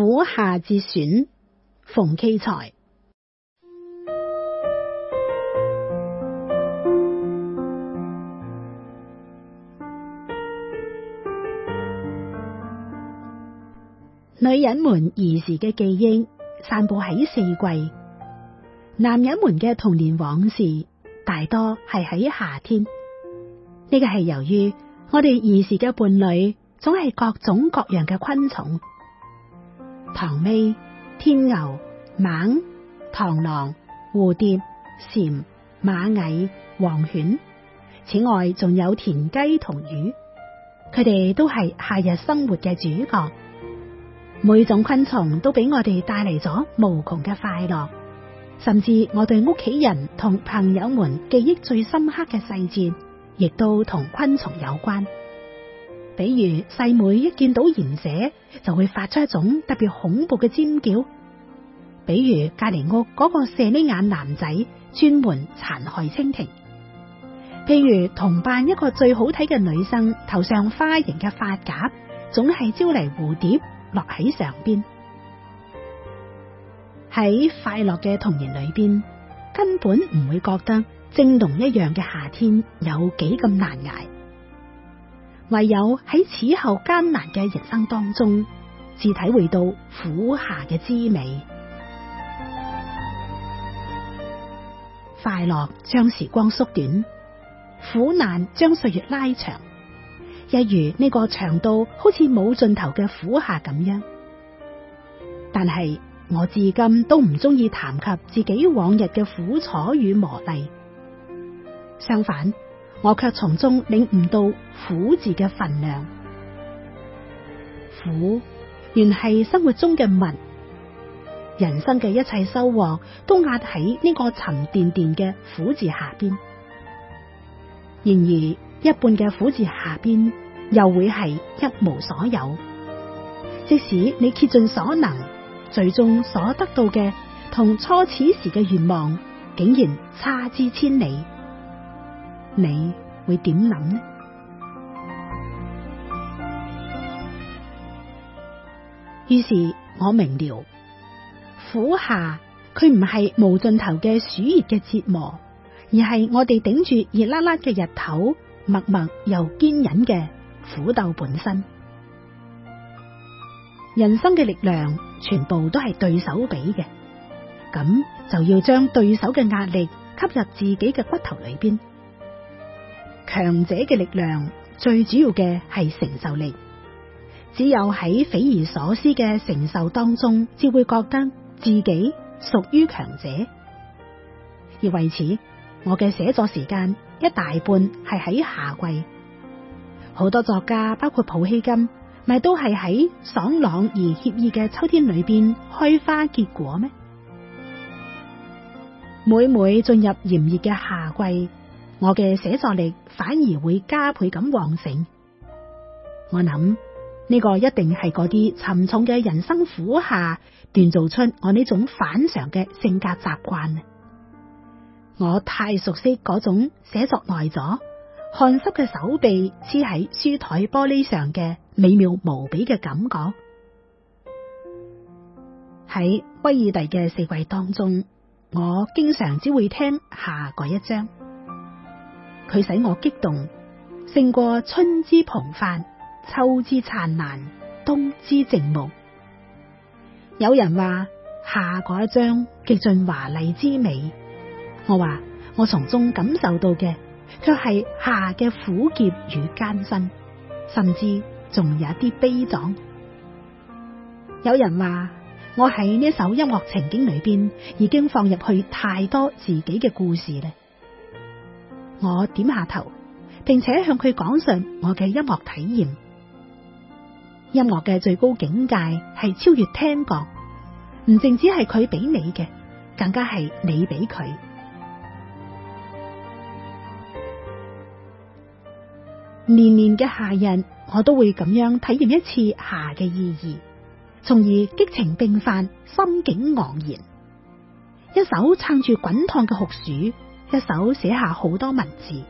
苦夏之選，馮驥才。女人們兒時嘅記憶散布喺四季，男人們嘅童年往事大多係喺夏天。呢個係由於我哋兒時嘅伴侶總係各種各樣嘅昆蟲。塘尾、天牛、蜢、螳螂、蝴蝶、蟬、螞蟻、黃犬，此外仲有田雞同魚，佢哋都係夏日生活嘅主角。每種昆蟲都俾我哋帶嚟咗無窮嘅快樂，甚至我對屋企人同朋友們記憶最深刻嘅細節，亦都同昆蟲有關。比如細妹，妹一見到賢者就會發出一種特別恐怖嘅尖叫，比如隔籬屋嗰個射喱眼男仔專門殘害蜻蜓，譬如同伴一個最好睇嘅女生頭上花型嘅髮夾，總係招嚟蝴蝶落喺上邊。喺快樂嘅童年裏邊，根本唔會覺得蒸籠一樣嘅夏天有幾咁難捱。唯有喺此後艱難嘅人生當中，至體會到苦夏嘅滋味。快樂將時光縮短，苦難將歲月拉長，一如呢個長度好似冇盡頭嘅苦夏咁樣。但係我至今都唔中意談及自己往日嘅苦楚與磨礪，相反。我卻從中領悟到苦字嘅分量。苦，原係生活中嘅物，人生嘅一切收穫都壓喺呢個沉甸甸嘅苦字下邊。然而，一半嘅苦字下邊又會係一無所有。即使你竭盡所能，最終所得到嘅同初始時嘅願望，竟然差之千里。你會點諗呢？於是我明了，苦夏佢唔係無盡頭嘅暑熱嘅折磨，而係我哋頂住熱辣辣嘅日頭，默默又堅忍嘅苦鬥本身。人生嘅力量全部都係對手俾嘅，咁就要將對手嘅壓力吸入自己嘅骨頭裏邊。強者嘅力量最主要嘅係承受力，只有喺匪夷所思嘅承受當中，至會覺得自己屬於強者。而為此，我嘅寫作時間一大半係喺夏季。好多作家包括普希金，咪都係喺爽朗而愜意嘅秋天裏邊開花結果咩？每每進入炎熱嘅夏季，我嘅寫作力反而會加倍咁旺盛。我諗呢個一定係嗰啲沉重嘅人生苦夏鍛造出我呢種反常嘅性格習慣。我太熟悉嗰種寫作耐咗汗濕嘅手臂黐喺書台玻璃上嘅美妙無比嘅感覺。喺威爾第嘅四季當中，我經常只會聽下個一章。佢使我激動，勝過春之蓬發、秋之燦爛、冬之靜穆。有人話夏嗰一張極盡華麗之美，我話我從中感受到嘅，卻係夏嘅苦澀與艱辛，甚至仲有一啲悲壯。有人話我喺呢首音樂情景裏邊，已經放入去太多自己嘅故事咧。我點下頭，並且向佢講述我嘅音樂體驗。音樂嘅最高境界係超越聽覺，唔淨止係佢俾你嘅，更加係你俾佢。年年嘅夏日，我都會咁樣體驗一次夏嘅意義，從而激情迸發，心境昂然，一手撐住滾燙嘅酷暑。一手寫下好多文字。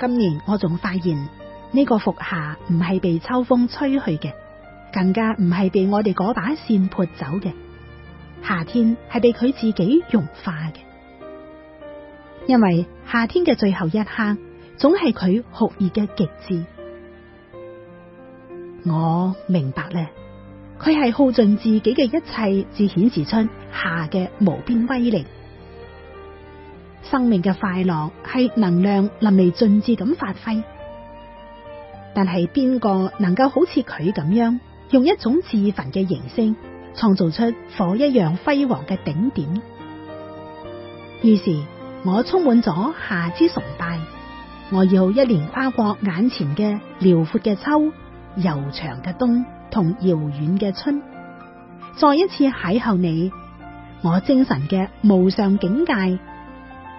今年我仲發現呢個苦夏唔係被秋風吹去嘅，更加唔係被我哋嗰把扇撥走嘅。夏天係被佢自己融化嘅，因為夏天嘅最後一刻，總係佢酷熱嘅極致。我明白咧，佢係耗盡自己嘅一切，至顯示出夏嘅無邊威力。生命嘅快樂係能量淋漓盡致咁發揮，但係邊個能夠好似佢咁樣，用一種自焚嘅形式，創造出火一樣輝煌嘅頂點？於是，我充滿咗夏之崇拜，我要一年跨過眼前嘅遼闊嘅秋、悠長嘅冬同遙遠嘅春，再一次邂逅你，我精神嘅無上境界。